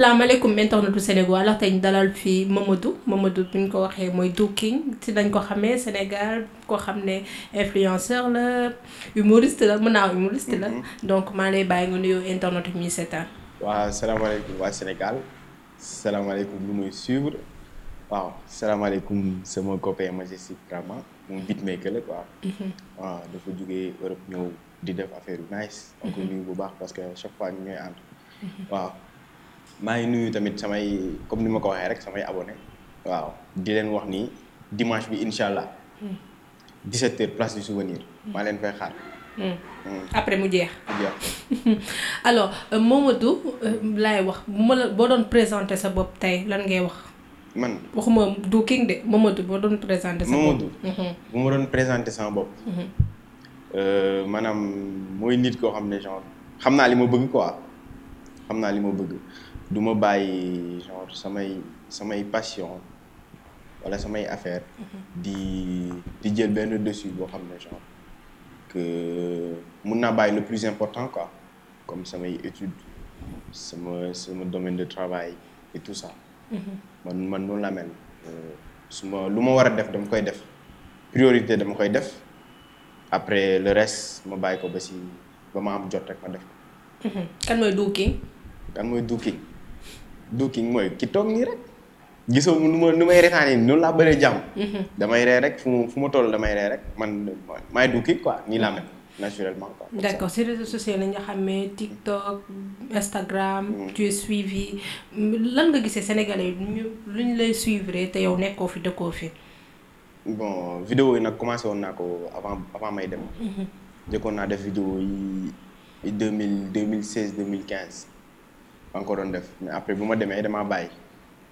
salaamaaleykum internetu Sénégal tey ñu dalal fii Mamadou Mamadou bu ñu ko waxee mooy Doo King ci dañ ko xamee Sénégal koo xam ne influenceur la humoriste la mën naa humoriste la. Mhm. donc maa lay bàyyi nga nuyoo internet mi seetaan. waaw salaamaaleykum waa Sénégal salaamaaleykum lu muy suivre waaw salaamaaleykum sama copain Majestic Drama moom beatmaker la mhm. waaw dafa jógee Europe ñëw di def affaire nice. Mhm. donc nuyu bu baax parce que chaque fois ñu ñooy ànd waaw. maa ngi nuyu tamit samay comme ni ma ko waxee rek samay abonné waaw di leen wax ni dimanche bi incha allah. 17h hmm. place du souvenir. Hmm. maa leen fay xaar. Hmm. après mu jeex. alors euh, Momadou euh, laay wax bu ma la boo doon présenté sa bopp tey lan ngay wax. man waxuma du king de Momadou boo doon présenté. sa bopp Momadou. Euh, maanaam mooy nit koo xam ne genre xam naa li ma bëgg quoi xam naa li ma bëgg. du ma bàyyi genre samay samay passion wala samay affaire mhm. di di jël benn dessus boo xam ne genre que mun naa bàyyi le plus important quoi comme samay études sama sama domaine de travail et tout ça mhm. man man noonu la mel euh, su lu ma war a def dama koy def priorité dama koy def après le reste ma bàyyi ko ba si ba ma am jot rek ma def ko mhm. kan mooy duuki kan mooy duuki duuking mooy ki toog nii rek gisoo nu ma nu may reetaanee noonu laa bëree jàmm. Mm-hmm. damay ree rek fu mu toll damay ree rek man maay duuking quoi nii laa mel naturellement quoi. d' accord si réseaux sociaux la nga xamee TikTok Instagram. Mm-hmm. tu es suivi lan nga gisee sénégalais yi ñu lu ñu lay suivre te yow nekkoo fi dëkkoo fi. bon vidéo yi nag commencé woon naa ko avant avant may dem. Mm-hmm. jëkkoon naa def vidéo yi deux mille deux mille seize deux mille quinze. maa ngi doon def mais après bu ma demee damaa bàyyi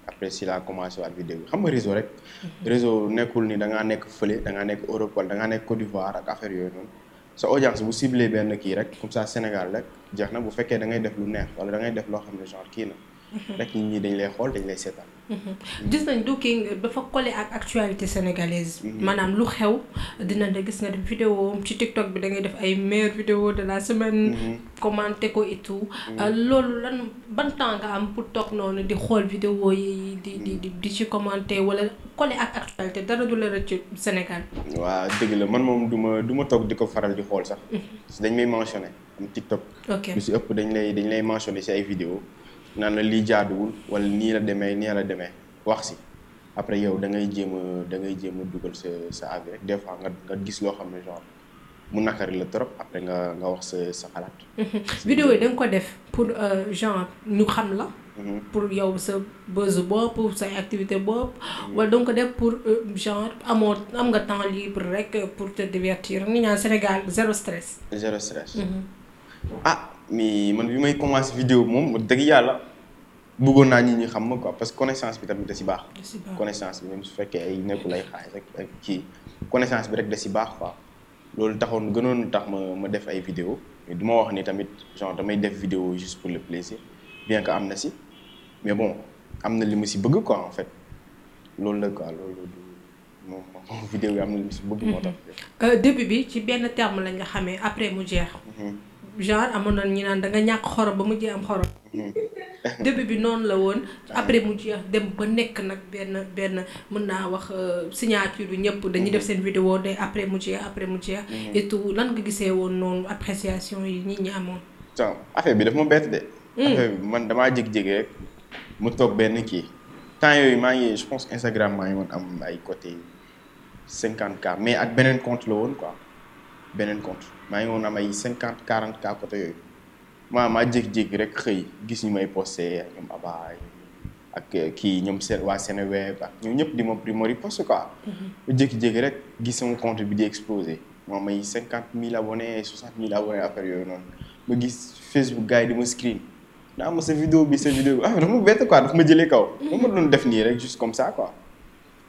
après si laa commencé waat vidéo bi xam nga réseau rek. Mhm. réseau nekkul ni da nekk fële da ngaa nekk Europe wala da nekk Côte d'Ivoire ak affaire yooyu noonu sa audience bu ciblé benn kii rek comme ça Sénégal rek jeex na bu fekkee dangay ngay def lu neex wala da ngay def loo xam ne genre kii na. rek nit ñi dañ lay xool dañ lay seetaan. Mhm. gis nañ Du King dafa collé ak actualité sénégalaise. Mhm. maanaam lu xew dina de gis nga def vidéo ci TikTok bi da ngay def ay meilleures vidéos de la semaine. Mhm. commenté ko et tout. Euh, loolu lan ban temps nga toog noonu di xool vidéo yi di di di ci commenté wala collé ak actualité dara du la ci Sénégal. waaw dëgg la man moom du ma du ma toog di ko faral di xool sax. dañ may mentionné am TikTok. ok lu si ëpp dañ lay dañ lay mentionné si ay vidéo naan la lii jaaduwul wala nii la demee nii la demee wax si après yow da ngay jéem a da ngay jéem a dugal sa sa avis des fois nga nga gis loo xam ne genre mu nakari la trop après nga nga wax sa sa xalaat. Mhm. vidéo yi da nga ko def pour euh, genre ñu xam la. Mhm. pour yow sa buzz bopp sa activité bopp. Mhm. wala donc def pour euh, genre amoo am nga temps libre rek pour te divertir ni ñaan Sénégal zéro stress. zéro stress. Ah, mais man bi may commencé vidéo bi moom dëgg yàlla bëggoon naa ñi ñu xam ma ko parce que connaissance bi tamit da si baax. connaissance bi même su fekkee ay nekkul ay xaalis rek ak kii bi rek da si baax quoi loolu taxoon gënoon tax ma ma def ay vidéo mais du wax ni tamit genre damay def vidéo juste pour le plaisir bien que am na si mais bon am na li ma si bëgg ko en fait loolu la quoi loolu moom moom vidéo yi am li ma si bëgg moo tax. Mm-hmm. Euh, début bi ci benn terme la nga xamee après mu jeex. Mm-hmm. genre amoon na ñu naan da nga ñàkk xorom ba mujjee am xorom. Hmm. début bi noonu la woon. Ah. après mu jeex dem ba nekk nag benn benn mën naa wax euh, signature bi ñëpp dañuy def hmm. seen vidéo de après mu jeex après mu jeex. Hmm. et lan nga gisee woon noonu appréciation yi nit ñi amoon. donc affaire bi daf ma bett de. man damaa jég-jége rek mu toog benn kii temps yooyu maa ngi je pense Instagram maa ngi woon am ay côté cinquante cas mais ak beneen compte la woon quoi beneen compte. maa ngi woon am ay cinquante quarante cas côté yooyu maa maa jékki-jékki rek xëy gis ñu may posté ak ñoom abaay ak euh, kii ñoom seen waa Seneweb ak ñoom ñëpp di ma di ma riposte quoi. ma mm-hmm. jékki-jékki rek gis sama compte bi di explosé moo may cinquante mille abonnés soixante mille abonnés affaire yooyu noonu ma gis Facebook gars yi di ma screen naa ma sa vidéo bi sa vidéo bi ah dafa ma bett quoi dafa ma jëlee kaw. Mm-hmm. dama ma doon def nii rek juste comme ça quoi.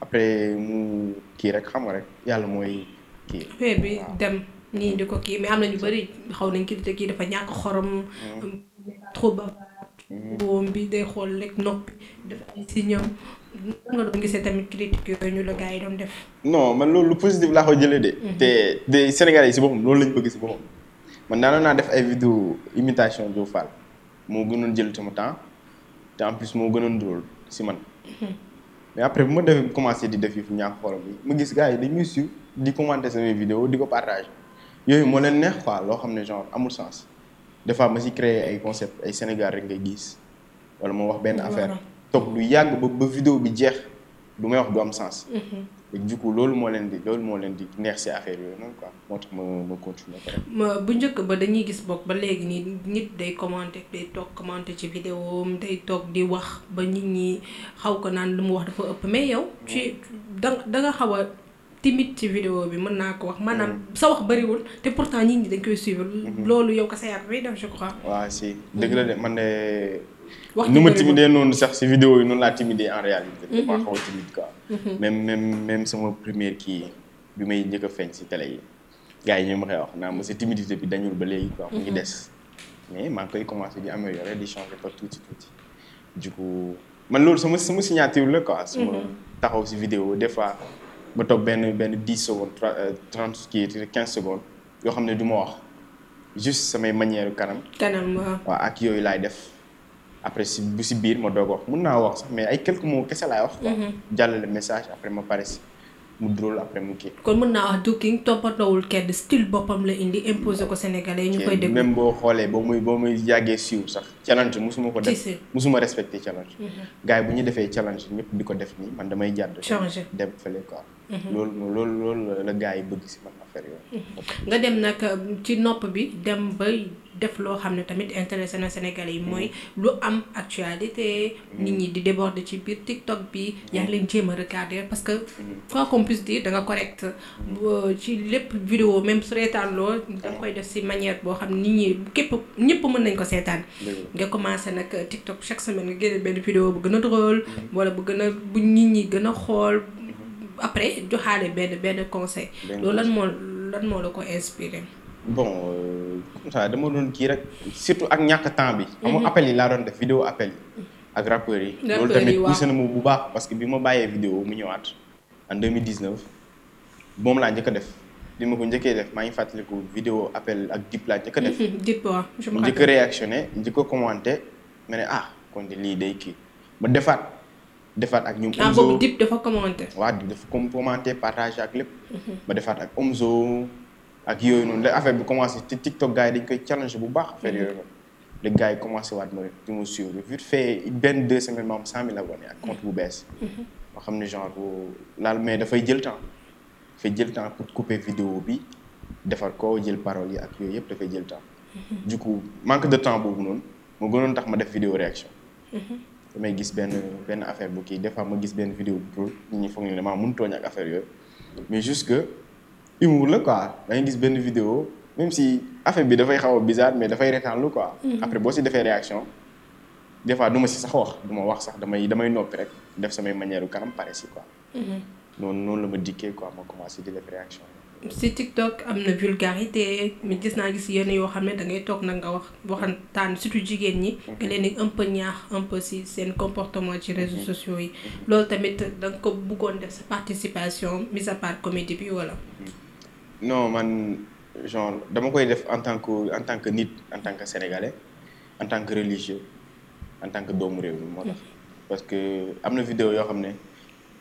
après mu kii rek xam nga rek yàlla mooy kii. waaw nii di ko kii mais am na ñu bëri xaw nañ kii te kii dafa ñàkk xorom. trop ba bi day xool rek noppi si ñoom nga doon gisee ñu la gars def. non man loolu lu positif jëlee de. Mhm. te te yi si boppam loolu lañ bëgg si boppam man daanoon naa def ay vidéo imitation Diop moo gënoon jël sama temps te en moo gënoon drôle si man. Mhm. mais après bu commencé di def yi fi ñàkk xorom yi ma gis gars yi dañuy suivre di commenter samay vidéo di ko partager. yooyu moo leen neex quoi loo xam ne genre amul sens des fois ma si créer ay concept ay Sénégal rek ngay gis wala moo wax benn affaire toog lu yàgg ba ba vidéo bi jeex du may wax du am sens. Mm-hmm. et loolu moo leen di loolu moo leen di neex affaire yooyu noonu quoi moo tax ma ma continuer ko bu njëkk ba dañuy gis bokk ba léegi nii nit day commenter day toog commenter ci vidéo am day toog di wax ba nit ñi xaw ko naan lu mu wax dafa ëpp mais yow. ci mm-hmm. da nga xaw a. timide ci vidéo bi mën naa ko wax maanaam mm. sa wax bëriwul te pourtant nit ñi dañ koy suivre. Mm-hmm. loolu yow kese yaa koy def je crois. waaw si dëgg la de man de. wax nu ma noonu sax si vidéo yi noonu laa timidee en réalité. Mm-hmm. damaa mm-hmm. même même même kii bi may njëkk a feeñ si télé yi gars yi ñu ma wax naa ma sa timidité bi dañul ba léegi quoi mu ngi des. mais maa ngi koy commencé di améliorer di changer par tuuti tuuti du coup man loolu sama sama signature la quoi. su taxaw si vidéo des fois. ma toog benn benn dix secondes euh, trente kii quinze secondes yoo xam ne du ma wax juste samay manière kanam. kanam waaw waaw ak yooyu laay def après si bu si biir ma doog wax mun naa wax sax mais ay quelques mots kese laay wax. Mm-hmm. jàllale message après ma pare si mu drôle après mu kii. kon mun naa wax Du King toppatoowul kenn style boppam la indi imposé ko Sénégalais ñu koy déglu. même boo xoolee boo muy boo muy yàggee siiw sax. challenge mosuma ko def musuma respecté challenge mhm. gars yi bu ñu defee challenge ñëpp di ko def nii man damay jàdd dem fële quoi mhm. loolu loolu loolu la gars yi bëgg si man affaire yooyu mhm. nga dem nag euh, ci nopp bi dem ba def loo xam ne tamit intéressé na Sénégalais yi mooy lu am actualité nit ñi di déborder ci biir TikTok bi yaa leen jéem a regarder parce que quoi qu'on puisse dire da nga correct ci lépp vidéo même su lool da koy def si manière boo xam nit ñi képp ñëpp mën nañ ko seetaan nga commencé nag euh, TikTok chaque semaine nga génne benn vidéo bu gën a drôle mhm. wala bu gën a bu nit ñi gën a xool mhm. après joxaale benn benn conseil loolu lan moo lan moo la ko inspiré bon comme euh, ça dama doon kii rek surtout ak ñàkk temps bi xam nga mhm. appel yi laa doon def vidéo appel yi ak rappeurs yi loolu tamit poussé na mu bu baax parce que bi ma bàyyee vidéo mu ñëwaat en 2019 moom laa njëkk a def li ma ko njëkkee def maa ngi fàttaliku vidéo appel ak dip laa njëkk a def. dip waaw je me njëkk a réactionné njëkk ma ne ah kon de lii day kii ma defaat defaat ak ñoom. Omzo ah boobu dip dafa commenté. waaw dip dafa commenté mhm. ma defaat ak Omzo ak yooyu noonu la affaire bi commencé ci TikTok gars yi dañ koy challenge bu baax affaire yooyu noonu. léegi gars commencé waat ma di ma suivre vite fait benn deux semaines ma am cent mille abonnés ak compte mhm. bu bees. Mhm. ma xam ne genre laal mais dafay jël temps. dafay jël temps pour couper vidéo bi defar ko jël parole yi ak yooyu yëpp dafay jël temps. Mm-hmm. du coup manque de temps boobu noonu moo gënoon tax ma def vidéo réaction. Mm-hmm. damay gis benn benn affaire bu kii des ma gis benn vidéo bu trop nit ñi foog ne maa mun tooñ mais juste que humour la quoi gis benn vidéo même si affaire bi dafay xaw a bizarre mais dafay retaanlu quoi. Mm-hmm. après boo si defee réaction des fois ma si sax wax duma wax sax damay damay noppi rek def samay manière kanam pare si quoi. noonu noonu la ma dikkee quoi ma commencé di def réaction si TikTok am na vulgarité mais gis naa gis yenn yoo xam ne da ngay toog nag nga wax waxantaan surtout jigéen ñi. nga leen di un peu ñaax un peu seen comportement ci réseaux sociaux yi. loolu tamit da nga ko bëggoon def sa participation mise à part comédie bi wala. Hmm. non man genre dama koy def en tant que en tant que nit en tant que sénégalais en tant que religieux en tant que doomu réew mi moo tax. Hmm. parce que am na vidéo yoo xam ne.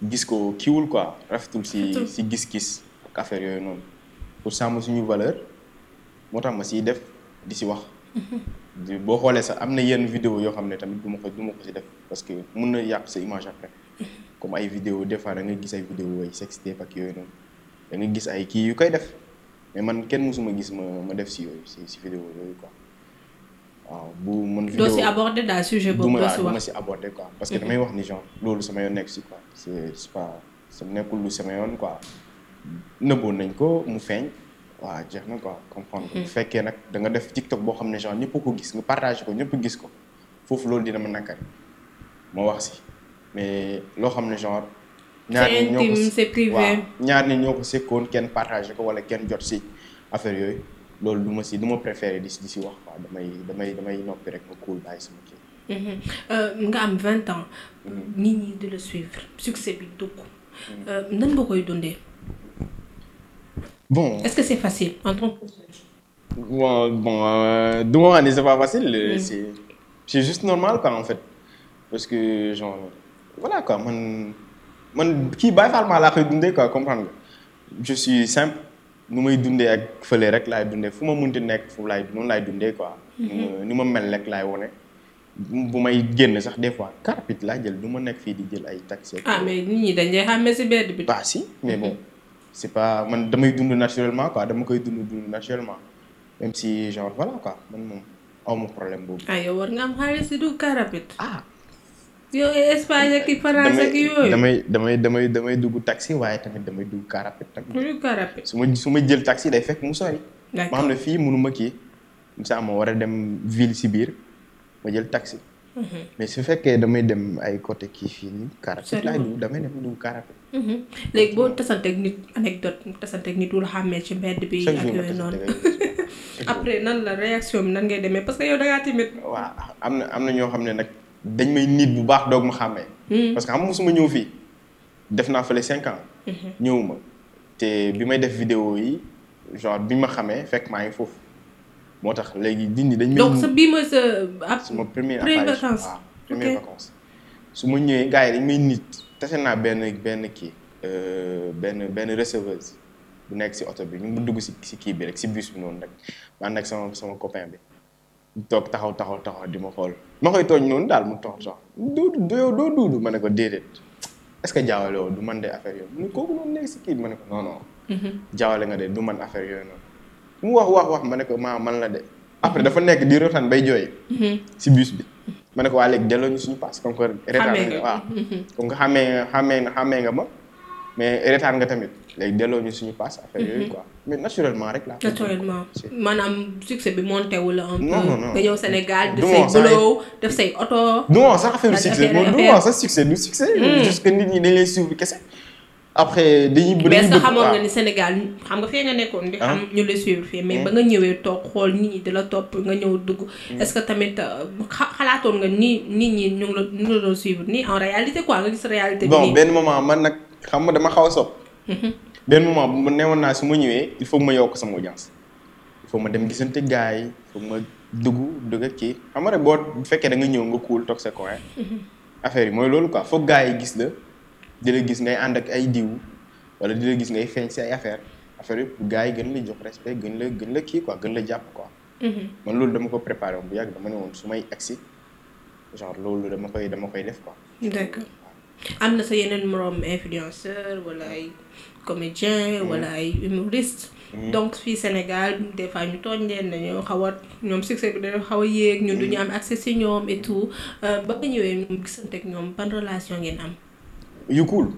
gis ko kiwul quoi rafetul si si gis-gis ak affaire yooyu noonu pour sàmm suñu valeur moo tax ma siy def di si wax boo xoolee sax am na yenn vidéo yoo xam ne tamit du ma ko du ma ko si def parce que mun na yàq sa image après comme ay vidéo des fois da nga gis ay vidéo ay sextape ak yooyu da nga gis ay kii yu koy def mais man kenn mësuma gis ma ma def si yooyu si si vidéo yooyu quoi waaw bu mën. vidéo doo si aborder daal sujet boobu si wax du ma si aborder quoi. parce que mm-hmm. damay wax ni genre loolu sama yoon nekk si quoi c' est pas nekkul lu sama yoon quoi nëbboon nañ ko mu feeñ. waaw jeex na ko comprendre mm-hmm. bu fekkee nag da nga def TikTok boo xam ne genre ñëpp ko gis nga partagé ko ñëpp gis ko foofu loolu dina ma nakari ma wax si mais loo xam ne genre. ñaar ñi ñoo ko c'est intime c'est ñoo ko sekkoon kenn partagé ko wala kenn jot si affaire yooyu. loolu du ma si du ma préféré di si di si wax quoi damay damay damay noppi rek ma cool bàyyi sama kii. Mhm. Euh, nga am vingt ans. Mhm. nit ñi di la suivre succès bi dugg. Mhm. Euh, nan nga koy dundee. bon est-ce que c'est facile en tant bon bon euh, du ma wax ni c'est pas facile. c'est c'est juste normal quoi en fait parce que genre voilà quoi man man kii Baye Fall maa laa koy dundee quoi comprendre nga je suis simple. nu may dundee ak fële rek laay dundee fu ma mun ti nekk fu laay noonu laay dundee quoi. Mm-hmm. Euh, ni ma mel rek laay wone bu may génn sax des fois carpit laa jël du ma nekk fii di jël ay tax ah mais nit ñi dañ lay xàmmee si bedd bi. pas mais bon mm-hmm. c'est pas man damay dund naturellement quoi dama koy dund dund naturellement même si genre voilà quoi man moom aw ma problème boobu. ah yow war nga am xaalis si du carapit. Ah, yow eh, Espagne ak France ak yooyu. damay damay damay damay dugg taxi waaye tamit damay dugg car rapide tamit. muy car rapide. su ma su ma jël taxi day fekk mu sori. d'accord ma fii mënu ma kii. misaa ma war a dem ville si biir ma jël taxi. Mhm. mais su fekkee damay dem ay côté kii fii nii car rapide laay dugg damay dem dugg car rapide. Mhm. léegi boo tasanteeg nit anecdote tasanteeg nit wul xàmmee ci mbedd bi. ak yooyu noonu après nan la réaction bi nan ngay demee parce que yow da ngaa timide. am na am na ñoo xam ne nag. dañ may nit bu baax doog ma xàmmee. Hmm. parce que xam nga mosuma ñëw fii def naa fële cinq ans. Mhm. ñëwuma te bi may def vidéo yi genre bi ma xamee fekk maa ngi foofu moo tax léegi dindi dañ. may suma première vacances waaw première su ma ñëwee gars yi dañ nit tase naa benn benn kii. Euh, benn benn receveuse bu nekk si oto bi ñu mu dugg si si kii bi rek si bus bi noonu rek man nag sama sama copain bi. toog taxaw taxaw taxaw di ma xool ma koy tooñ noonu daal mu tontu sax duudu doo doo duudu ma ne ko déedéet est-ce que jaawale woo du man de affaire yooyu mu kooku noonu nekk si mm-hmm. mu wax wax wax ma ne maa man la de après dafa nekk di retaan bay jooy. Mm-hmm. si bus bi. ma ne ko waa léegi delloo ñu suñu paas comme que. retaan waaw mm-hmm. comme xamee xamee xamee nga ma. mais reetaan nga tamit léegi delloo ñu suñu passe affaire mhm. yooyu quoi mais naturellement rek la. naturellement maanaam succès bi monté wu la. un peu nga ñëw Sénégal def say boulot def say oto. du ma sax affaire succès moom du ma wax sax succès du succès. Mhm. nit ñi dañ lay suivre kese. après dañuy bëri mais sa xamoon nga ni Sénégal xam nga fee nga nekkoon di xam ñu lay suivre fii mais hmm? ba nga ñëwee toog xool nit ñi di la topp nga ñëw dugg hmm. est-ce que tamit euh, xalaatoon nga ni nit ñi ñu ngi la ñu nii en réalité quoi nga gis réalité benn moment man nag xam ma dama xaw a sopp mhm. benn moment bu ma newoon naa su ma ñëwee il faut ma yokk sama audience il faut ma dem gisante gars yi ma dugg dugg ak kii xam nga rek boo bu fekkee da nga ñëw nga kuul toog sa coin mhm. affaire yi mooy loolu quoi foog gars yi gis la di la gis ngay ànd ak ay diw wala di la gis ngay feeñ si ay affaire affaire yëpp yi gën la jox respect gën la gën la kii ko gën la jàpp quoi mhm. man loolu dama ko préparé woon bu yàgg dama ne woon su may agsi genre loolu dama koy am na sa yeneen moroom influenceur wala ay comédien mm-hmm. wala ay humoriste mm-hmm. donc fii Sénégal des fois ñu tooñ leen dañoo xaw a ñoom succès bi dañoo xaw a yéeg ñun du ñu mm-hmm. am accès si ñoom et euh, ba nga ñëwee ñoom gisante ak ñoom ban relation ngeen am. yu cool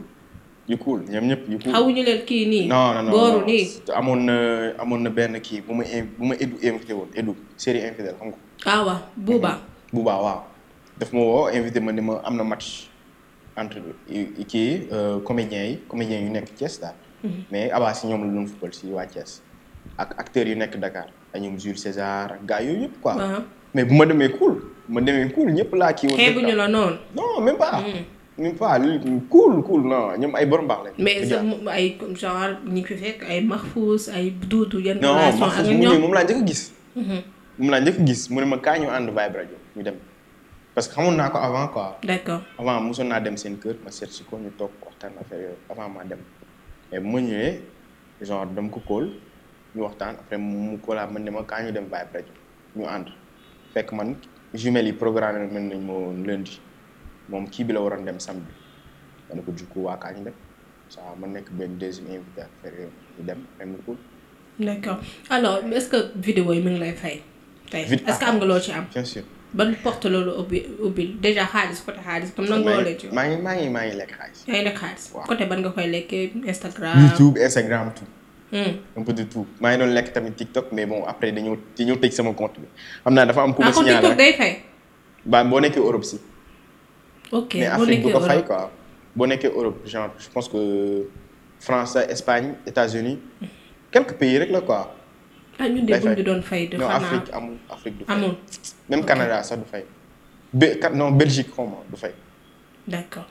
yu cool ñoom ñëpp yu cool. xawuñu leen kii nii. non non non na amoon na benn kii bu ma bu ma Edu invité woon Edu série infidèle xam nga. Ah waaw Bouba. Bouba waaw daf ma woo invité ma ni ma am na match. entre kii euh, comédiens yi comédiens yu nekk Thiès daal. Mhm. mais Abba si ñoom la doon football si waa Thiès. ak acteurs yu nekk Dakar a ñoom Jules César ak gars yooyu yëpp quoi. Uh-huh. mais bu ma demee cool ma demee cool ñëpp laa kii woon. xeebuñu la noonu. non même pas. Mm. même pas cool cool non ñoom ay borom baax lañ. mais sax ay comme genre ñi fi fekk ay Mahfouz ay moom laa njëkk a gis. Mhm. moom laa njëkk a gis mu ne ma kaa ñu ànd vibe rajo ñu dem. parce que xamoon naa ko avant quoi. d'accord avant mosoon naa dem seen kër ma seet si ko ñu toog waxtaan dem genre dama ko kóol ñu waxtaan après mu kóolaa man ne ma kaa ñu dem vibe rajo ñu ànd fekk man jumelles yi programme mën nañ moo lundi moom kii bi la waroon dem samedi ma ne ko jukku nekk benn deuxième invité affaire yooyu mu ngi lay fay. tey est am nga loo ci am. ban porte loolu ubbi ubbi déjà xaalis côté xaalis comme nag loo leen ci. maa ngi maa ngi lekk xaalis. yaa ngi ban nga koy lekkee Instagram. YouTube Instagram tout. Hmm. un peu de tout maa ngi doon lekk tamit TikTok mais bon après dañoo dañoo tëj sama compte bi xam naa dafa am. ku ma ah, signalé ah fay. ba boo nekkee Europe si. ok boo nekkee Europe mais Afrique du ko fay quoi. boo nekkee Europe genre je pense que France Espagne États-Unis hmm. quelques pays rek la quoi. ah ñun de buñ doon fay. non Afrique amul Afrique du fay amul. même Canada sax du fay. Be Belgique xaw du fay. d' accord.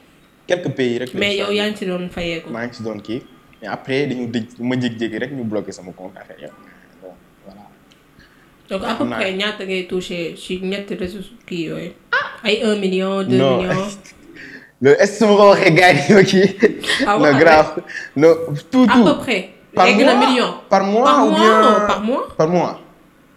pays rek. mais yow yaa ngi ci doon fayeeku. maa ngi ci doon kii après dañu dëj ma jékki-jékki rek ñu bloqué sama compte affaire yow bon ñaata ngay touché ci ñetti réseaux kii yooyu. Ah! ay 1 million 2 millions. loolu est ce ko waxee gars yi ñoo kii. Ah, non grave non tout tout par egg na million par mois par ou bien par mois par mois.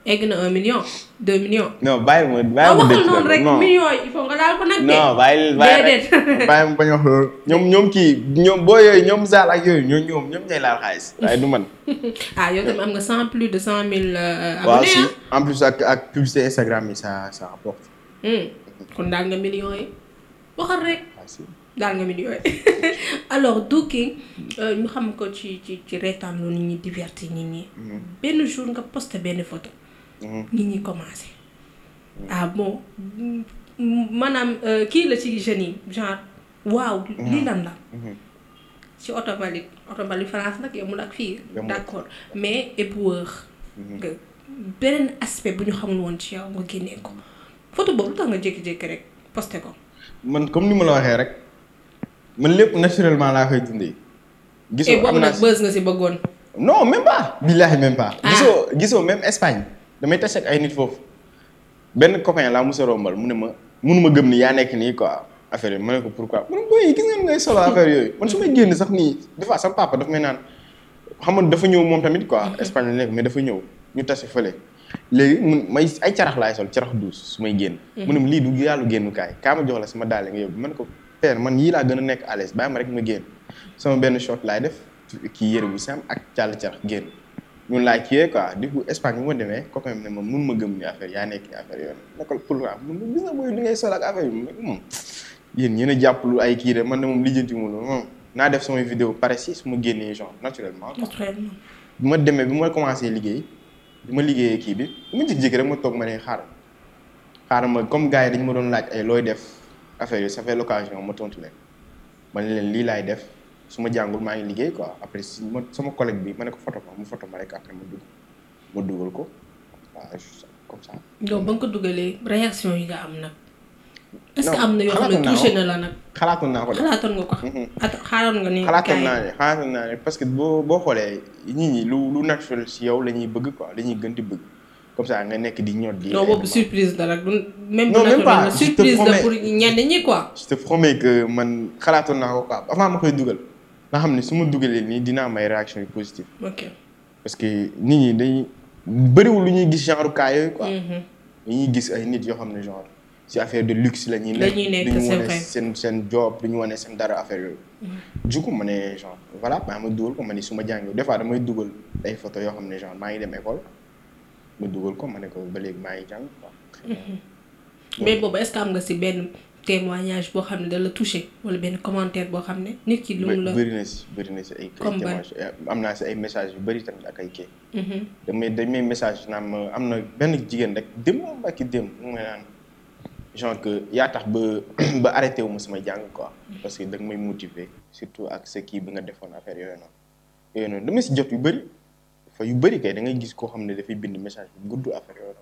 egg na un million deux millions. non bàyyi ma bàyyi ah, ma dëkk noonu rek million yi il faut nga daal ko nag. non bàyyi bàyyi bàyyi ma bañ wax loolu. ñoom ñoom kii ñoom boo yooyu ñoom zaal ak yooyu ñoom ñoom ñoom ñooy laal xaalis waaye du man. ah yow tamit am nga cent plus de cent mille. Euh, abonnés waaw si en plus ak ak publicité Instagram yi ça ça rapporte. Hmm. kon daal nga millions yi waxal rek. Ah, daal nga mi di yooyu alors Dookki euh, ñu xam ko ci ci ci reetaan lu nit ñi divertir nit mhm. benn jour nga posté benn photo. Mhm. nit ñi commencé. ah bon euh, kii la ci jeunes yi genre waaw. Mhm. lii lan la. ci oto mbalit oto mbalit France nag yemul ak fii. d'accord mais éboueur. nga beneen aspect bu ñu xamul woon ci yow nga génnee ko photo boobu lu tax nga jékki-jékki rek posté ko. man comme ni ma la waxee rek. man lépp naturellement laa koy dundee. gisoo eh, am naa bës nga si bëggoon. non même pas. billaahi même pas. Ah. gisoo gisoo même Espagne damay tase ay nit foofu benn copain laa mos a mu ne ma mënu ma gëm ni yaa nekk nii quoi affaire yi ma ne ko pourquoi man booy gis yooyu man su may génn sax nii des fois sama papa daf may naan xam nga dafa ñëw moom tamit quoi mm-hmm. Espagne la nekk mais dafa ñëw ñu tase fële. léegi mun may ay carax laay sol carax duus su may génn. Mm-hmm. mu ne ma lii du yàllu génnukaay kaa ma jox la sama daal nga yóbbu man ko. père man yii laa gën a nekk à l'aise bàyyi ma rek ma génn sama benn short laay def kii yëre bu sam ak càll carax génn ñun laa kiiyee quoi du coup Espagne bu ma demee copain bi ne ma mun ma gëm ni yaa nekk affaire yoon nekkal programme mun gis nga mooy hmm. a jàpp ay kii man de moom lijjanti mu loolu hmm. naa def samay vidéo pare su ma génnee genre naturellement ma demee bi ma commencé liggéey bi ma liggéeyee kii bi bi ma jékki-jékki rek ma toog ma ne xaaral xaaral ma comme gars yi dañu ma doon laaj ay looy def affaire yi ça fait l'occasion ma tontu leen ma leen lii laay def su ma jàngul maa ngi liggéey quoi après si ma sama collègue bi ma ne ko photo ma mu photo ma rek après ma dugg ma dugal ko waaw comme ça. ba nga ko dugalee réaction yi nga am nag. na yoo xam ne touché na la nag. xalaatoon naa ko de ko. Mm-hmm. at nga ni. xalaatoon naa ne naa ne parce que boo boo xoolee nit ñi lu lu naturel si yow la ñuy bëgg quoi la ñuy gën di bëgg. comme ça nga nekk di ñor di. non boobu surprise la rek même. non même surprise la pour ñenn ñi quoi. je te man xalaatoon naa ko quoi avant ma koy dugal nga xam ne su ma dugalee nii dinaa am ay réaction yu positive. ok parce que nit ñi dañuy bëriwul lu ñuy gis genre mhm. ay nit yoo xam ne genre ci affaire de luxe la ñuy nekk. dañuy nekk c'est vrai duñu wane seen seen job duñu wane seen dara affaire yooyu. Mhm. du ma ne genre voilà maa ma dugal ko ma ne su ma jàngee des fois damay dugal ay photo yoo xam ne genre maa ngi dem école. ma dugal ko ma ne ko ba léegi maa ngi jàng mais boobu est-ce am nga si benn témoignage boo xam ne da la touché wala benn commentaire boo xam ne nit ki lu mu la bëri na si bëri na si ay témoignage am naa message yu bëri tamit ak ay mm-hmm. am na benn jigéen rek démb ak i démb mu may naan genre que yaa tax ba ba wu ma sama jàng quoi parce que da nga may motiver surtout ak sa kii bi nga defoon affaire yooyu noonu yooyu noonu dama si jot yu bëri fa yu bëri kay da ngay gis koo xam ne dafay bind message bu gudd affaire yooyu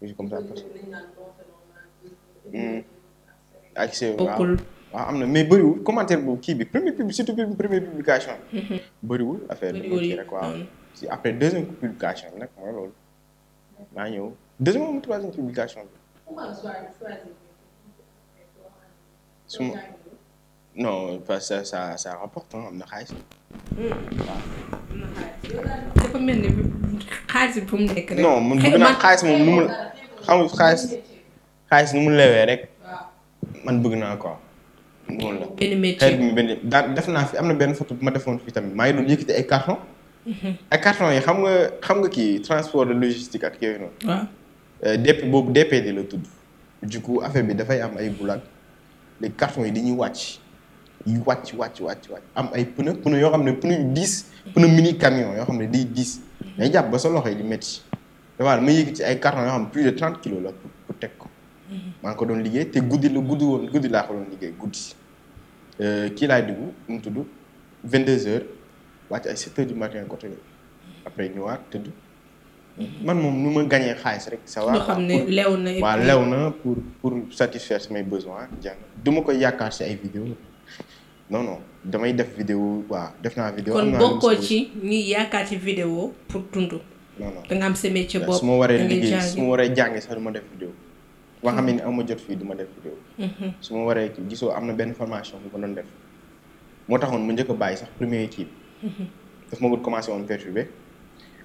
noonu comme ça parce que mm. mm. accès waaw mais bëriwul commentaire bu kii bi surtout première publication bi mm-hmm. bëriwul affaire bi rek waaw mm. si après deuxième publication bi nag mooy loolu maa ñëw deuxième moom troisième publication bi suma non parce que ça ça rapporte am na xaalis. mu nekk rek. man bëgg naa xaalis moom nu mu xam nga xaalis rek man bëgg naa quoi. noonu la benn def naa fi am na benn photo bu ma defoon fii tamit maa ngi doon yëkkati ay carton mhm. ay carton yi xam nga xam nga kii transport de logistique ak yooyu noonu. waaw euh, DP boobu DPD la tudd. du coup bi dafay am ay boulak les cartons yi dañuy wàcc. yu wàcc wàcc wàcc wàcc am ay pneu pneu yoo xam ne pneu yu diis pneu mini camion yoo xam ne day diis day jàpp ba sa loxo yi di métti ma yëg ci ay carton yoo xam ne plus de ko maa ngi ko doon liggéey te guddi la guddi woon guddi laa ko doon liggéey guddi euh, kii laay dugg mu tudd 22h wàcc ay 7h du matin côté après ñëwaat tëdd man moom nu ma gañee xaalis rek. ça va xam ne lew na. waaw lew na pour pour satisfaire samay besoins jàng du ma koy yaakaar si ay vidéo non non damay def vidéo waaw def naa vidéo kon bokkoo ci ñi yaakaar ci vidéo pour dund. non non da nga am sa métier bopp. su ma waree liggéey su ma waree jàngi sax du ma def vidéo ba xam ne am hmm. ma jot fii du ma def vidéo hmm. su ma waree gisoo am na benn formation bu ma doon def moo taxoon ma njëkk a bàyyi sax premier kii hmm. daf ma wut commencé woon perturbé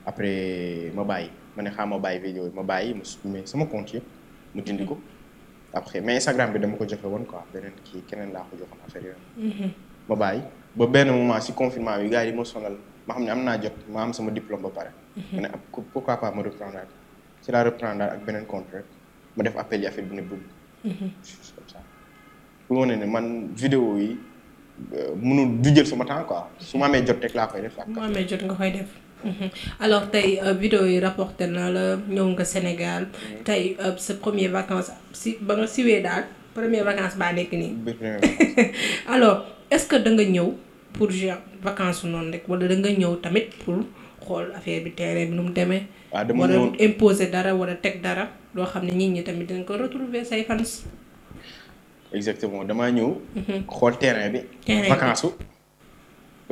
après ma bàyyi ma ne xaaral ma bàyyi vidéo ma bàyyi ma supprimé sama compte yëpp mu dindi ko. après mais Instagram bi dama ko joxe woon quoi beneen kii keneen laa ko joxoon affaire yooyu. ma mhm. bàyyi ba benn moment si confinement bi gars yi ma sonal ma xam ne am naa jot ma am sama diplôme ba pare. Mhm. ma ne ab ah, pourquoi pas ma reprendre ak si la reprendre ak beneen compte ma def appel yi affaire bi ne bëgg. chose mhm. comme ne ne man vidéo yi mu euh, mënul du jël sama temps quoi su ma amee jot rek laa koy def. ak mu amee jot nga koy def. Mhm. alors tey euh, vidéo yi rapporté na la ñëw nga Sénégal tey euh, sa premier vacances si ba nga siwee daal premier vacances baa nekk nii. alors est-ce que da nga ñëw pour genre vacances noonu rek wala da nga ñëw tamit pour. xool affaire bi terrain bi nu mu demee. ah dama wala imposer dara wala teg dara loo xam ne nit ñi tamit dinañ ko retrouver say fans. exactement damaa ñëw. Mhm. xool terrain bi. terrain bi vacances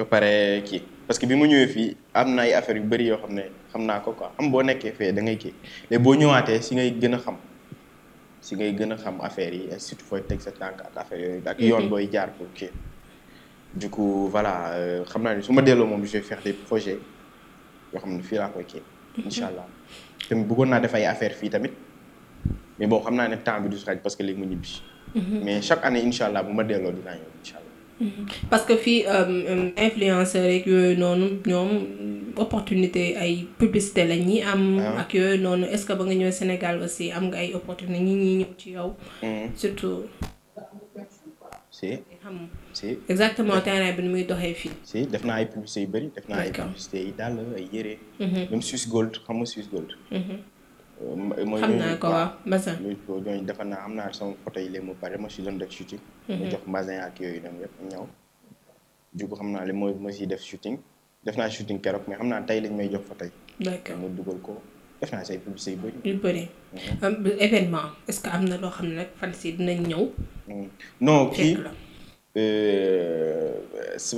pare kii. parce que bi mu ñëwee fii am na ay affaire yu bëri yoo xam ne xam naa ko quoi am boo nekkee fee da ngay kii boo ñëwaatee si ngay gën a xam si ngay gën a xam affaire yi et surtout fooy teg sa tànk ak affaire yooyu ak yoon booy jaar pour kii jukko coup voilà euh, xam naa ni su ma delloo moom je vais faire des yoo xam ne fii laa koy kii mhm. incha allah tamit bëggoon naa def ay affaire fii tamit mais bon xam naa ne temps bi du si xaj parce que léegi mu ñibbi mhm. mais chaque bu ma delloo dinaa Mm-hmm. parce que fii euh, euh, influenceurs rek yooyu noonu ñoom opportunité ay publicité la ñuy am. Ah. ak yooyu noonu est-ce que ba nga ñëw Sénégal aussi am nga ay opportunité ñi ñuy ñëw ci yow. Mm-hmm. surtout. si si exactement terrain bi ni muy doxee fii. si def naa ay publicité yu bëri def naa ay publicité yi dàll ay yére. Mm-hmm. même Suisse Gold xam Suisse Gold. Euh, mooy xam naa ko waaw Mbazin. ñooñu defe naa am naa sama photo yi léegi mu pare ma si doon def shooting. Mhm. mu jox Mbazin ak yooyu noonu yëpp ñëw. du xam naa li mooy ma siy def shooting def naa shooting keroog mais xam naa tey lañ may jox photo yi. d'accord ma dugal ko def naa say publicité yu bëri. yu bëri. Mhm. événement est-ce que am na loo xam ne nag fan si dinañ ñëw. Mm. non kii Euh,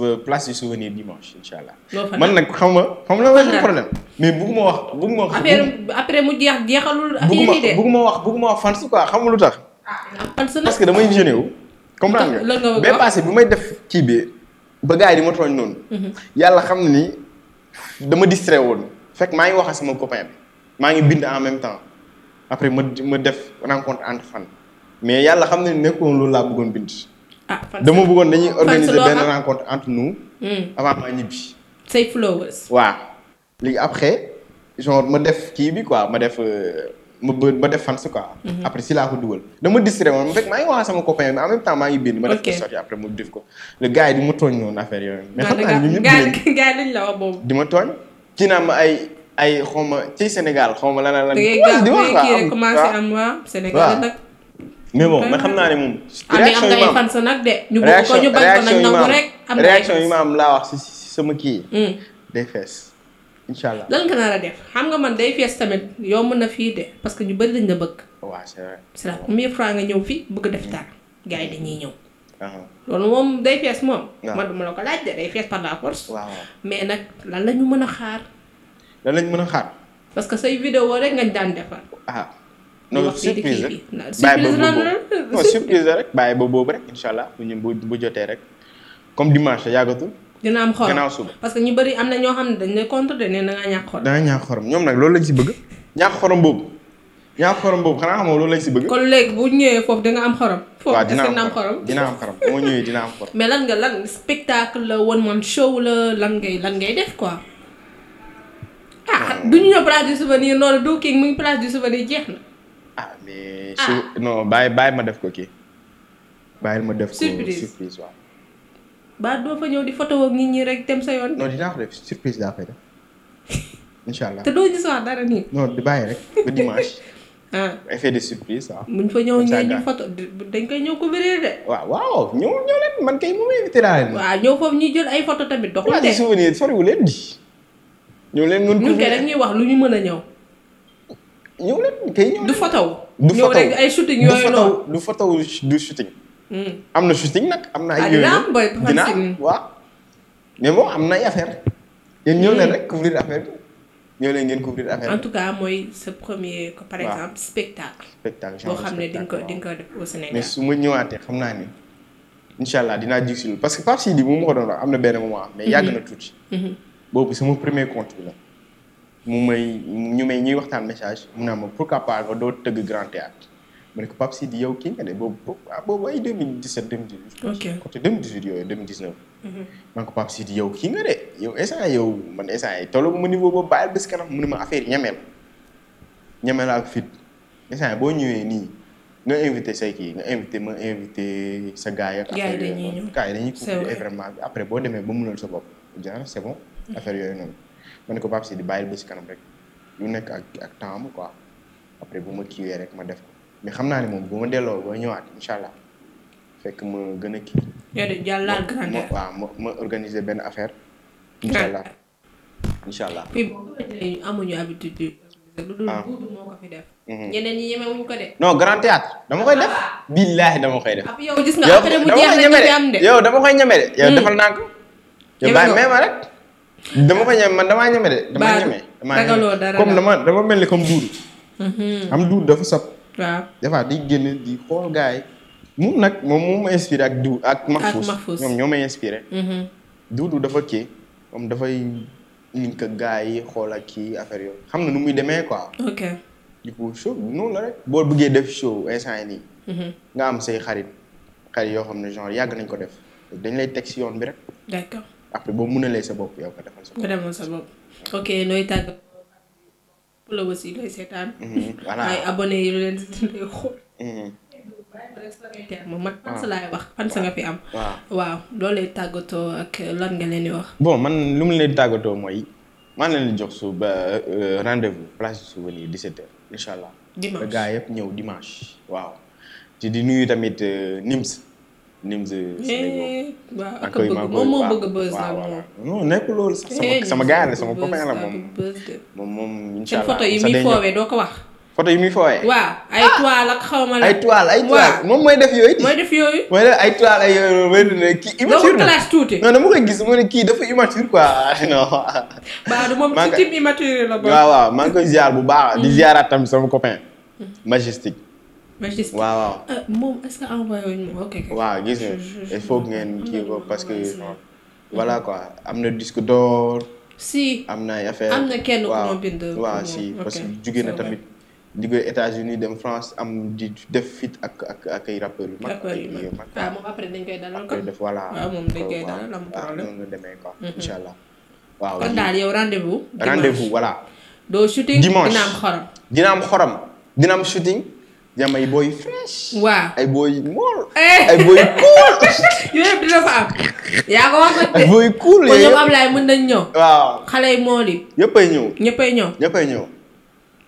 euh, place du souvenir dimanche incha allah. man nag xam nga xam la ma problème. mais bugguma wax bugguma wax. affaire après mu jeex jeexalul. affaire bugguma wax bugguma wax fans quoi xam nga lu tax. Ah, parce que damay visionné wu. comprendre nga be bee passé bu may def kii bi ba gars yi di ma tooñ noonu. Mhm. yàlla xam na ni dama distrait woon. fekk maa ngi wax ak sama copain bi maa ngi bind en même temps après ma ma def rencontre en fan mais yàlla xam na ni nekkoon loolu laa bëggoon bind. ah dama bëggoon dañuy organiser benn rencontre entre nous. Hmm. avant ma ñibbi. say followers. waaw léegi après genre ma def kii bi quoi ma def euh, ma ma def fans quoi. Hmm. après si laa ko dugal. dama distrait woon fekk maa ngi wax sama copain mais en même temps maa ngi bind. ma def ko sorti après ma def ko. le gars yi di ma tooñ noonu affaire yooyu. mais xam naa ñun ñëpp gars gars dañ la wax boobu. di ma tooñ ci naa ma ay. ay ma ci Sénégal xaw ma la lan. da ngay gaaw da ngay mais bon man xam naa ne moom. réaction yi ma am fan nag de. ñu am réaction ma am laa wax si sama kii. Mm. day fees incha allah. lan nga naa a def xam nga man day fees tamit yomb na fii de parce que ñu bëri dañ la bëgg. waaw c'est vrai c'est la nga ñëw fii bëgg def dara gars yi dañuy ñëw. Uh-huh. loolu moom day fees moom. man duma la ko laaj de day fees par la mais nag lan la ñu mën a xaar. lan la mën a xaar. parce que say vidéo rek nga daan defar. Ah. non surprise rek bàyyi ba boobu non surprise rek bàyyi allah bu ñu bu jotee rek comme dimanche yàggatul. dina am xorom gannaaw suba ñu bëri am na ñoo xam ne dañ lay contre ne da ngaa ñàkk xorom. ñoom nag loolu lañ si bëgg ñàkk xorom boobu ñàkk xorom boobu xanaa xamoo loolu lañ si bëgg. kon léegi bu ñëwee foofu da nga am xorom. waaw dina am xorom dina am xorom bu ma ñëwee dina am xorom. mais lan nga lan spectacle la one man show la lan ngay lan ngay def quoi. ah du ñu ñëw place du souvenir noonu du na ah mais. Ah. su non bàyyi bàyyi ma def ko kii. bàyyi ma def ko surprise waaw. ba doo fa ñëw di photo ak nit ñii rek dem sa yoon. non dinaa ko def surprise daa te doo gis wax dara nii. non di bàyyi rek ba dimanche. ah effet de surprise waaw. buñ fa ñëw ñëw ñu photo dañ koy ñëw ko couvrir de. waaw waaw ñëw ñëw leen man kay moom invité laa leen. waaw ñëw foofu ñu jël ay photo tamit dox de. waaw di souvenir leen di. ñëw leen mën ko ñun kay rek ñuy wax lu ñu mën a ñëw. ñëw leen kay ñëw. du fotow. du fotow ay shooting yooyu noonu du fotow du shooting. Hmm. am na shooting nag am na ay. Ah, yooyu yëpp dina waaw. mais bon am na ay affaire yéen ñëw leen hmm. rek couvrir affaire bi. ñoo leen ngeen couvrir affaire en tout cas mooy sa premier. par exemple spectacle. spectacle boo xam ne di nga ko di nga ko def au Sénégal. mais su ma ñëwaatee xam naa ni incha allah dinaa jiw si parce que Pape Sidi moom ma ko doon wax am na benn moment. mais hmm. yàgg na tuuti. boobu sama premier compte bi la. mu may ñu may ñuy waxtaan message mu naa ma pourquoi pas nga doo tëgg grand théâtre ma ne ko Pape Sidi yow kii nga de boobu boobu ay 2017 2018. ok côté 2018 yooyu 2019. Mhm. ma ne ko Pape Sidi yow kii nga de yow instant yow man instant yi tolloo ma niveau boobu bàyyil bés kanam mu ne ma affaire yi ñameel ñameel ak fit instant boo ñëwee nii nga invité say kii nga invité ma invité sa gars yi. gars yi dañuy ñëw gars yi dañuy. c' est vrai vraiment après boo demee ba mënal sa bopp. jaana c' est bon mm. affaire yooyu noonu. ma ne ko Pape Sidi bàyyil ba si kanam rek lu nekk ak ak temps ko après bu ma kiiwee rek ma def ko mais xam naa ne moom bu ma delloo ba ñëwaat incha allah fekk ma gën a kii. yooyu jàllal grandeur ma waaw benn affaire. incha allah incha amuñu habitude bi. lu dul buubu ah. moo ko fi def. Mhm. ñeneen ñi ñemewuñu ko de. non grand théâtre dama koy def. billaahi dama koy def. Ah, yow dama koy ñeme de yow hmm. defal naa ko. yow bàyyi ma rek. dama ko ñeme man damaa ñeme de. damaa ñeme damaa ñeme comme dama dama mel ni comme duudu. Mhm. am duudu dafa sab waaw defaa di génn di xool gars yi moom nag moom moo ma inspiré ak du ak. Mahfouz ñoom ñoo may inspiré. Mhm. duudu dafa kii moom dafay link ak gars yi xool ak kii affaire yooyu xam na nu muy demee quoi. ok du coup show noonu la rek. boo bëggee def show instant yi nii. Mhm. nga am say xarit xarit yoo xam ne genre yàgg nañ ko def dañ lay teg si yoon bi rek. après boo munalee sa bopp yow nga defal sa bopp. nga defal sa bopp ok nooy tàgg la aussi looy seetaan. Mhm, voilà ay abonné yi lu leen di lay xool. Mhm. man fan laay wax fan sa nga fi am. waaw waaw loolu tàggatoo ak lan nga leen di wax. bon man lu mu leen tàggatoo mooy maa ngi leen jox su ba euh, rendez-vous place du souvenir 17h incha allah. dimanche ba yëpp ñëw dimanche. waaw ci di nuyu tamit euh, NIMS. Nimz eh, Sénégal waaw ak bëgg moom moo bëgg buzz nag moom non loolu eh, sama sama gars la sama copain la moom moom moom incha allah photo yi muy foowee doo ko wax photo yi muy foowee waaw ay ah! toile ak xaw ma la ay toile ay toile moom mooy def yooyu mooy def yooyu mooy def ay toile ay yooyu mooy ne kii immature classe tuuti non kii dafa immature quoi non baa du moom ci type immature la boobu waaw waaw maa koy ziar bu baax di mm-hmm. ziaraat tamit sama copain mm-hmm. majestique registre waaw euh, moom est-ce que envoyé wuñ ma ok. waaw gis nga il faut ngeen kii ko parce que voilà quoi am na disque d'or. si am na ay affaire am na kenn ku ma bind. waaw si parce que jugee na tamit. liggéey États-Unis dem France am di def fit ak ak ak ay rappeurs yu mag. rappeurs yu mag waaw ah, moom après dañ koy dalal ko def voilà. waaw ah, moom dañ koy dalal am ah, problème noonu la demee quoi. incha allah waaw. kon daal yow rendez-vous. rendez-vous voilà. doo shooting dina am xorom. dina am xorom dina am shooting. jàmm ay booy fresh. waaw ay booy mool. ay eh. booy cool. yooyu yëpp dina fa am. yaa ko wax ko. ay booy cool yooyu yëpp kon ñoom eh. Ablaye mën nañ ñëw. waaw xale yi mool yi. ñëppay ñëw. ñëppay ñëw. ñëppay ñëw.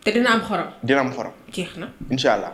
te dina am xorom. dina am xorom. jeex na incha allah.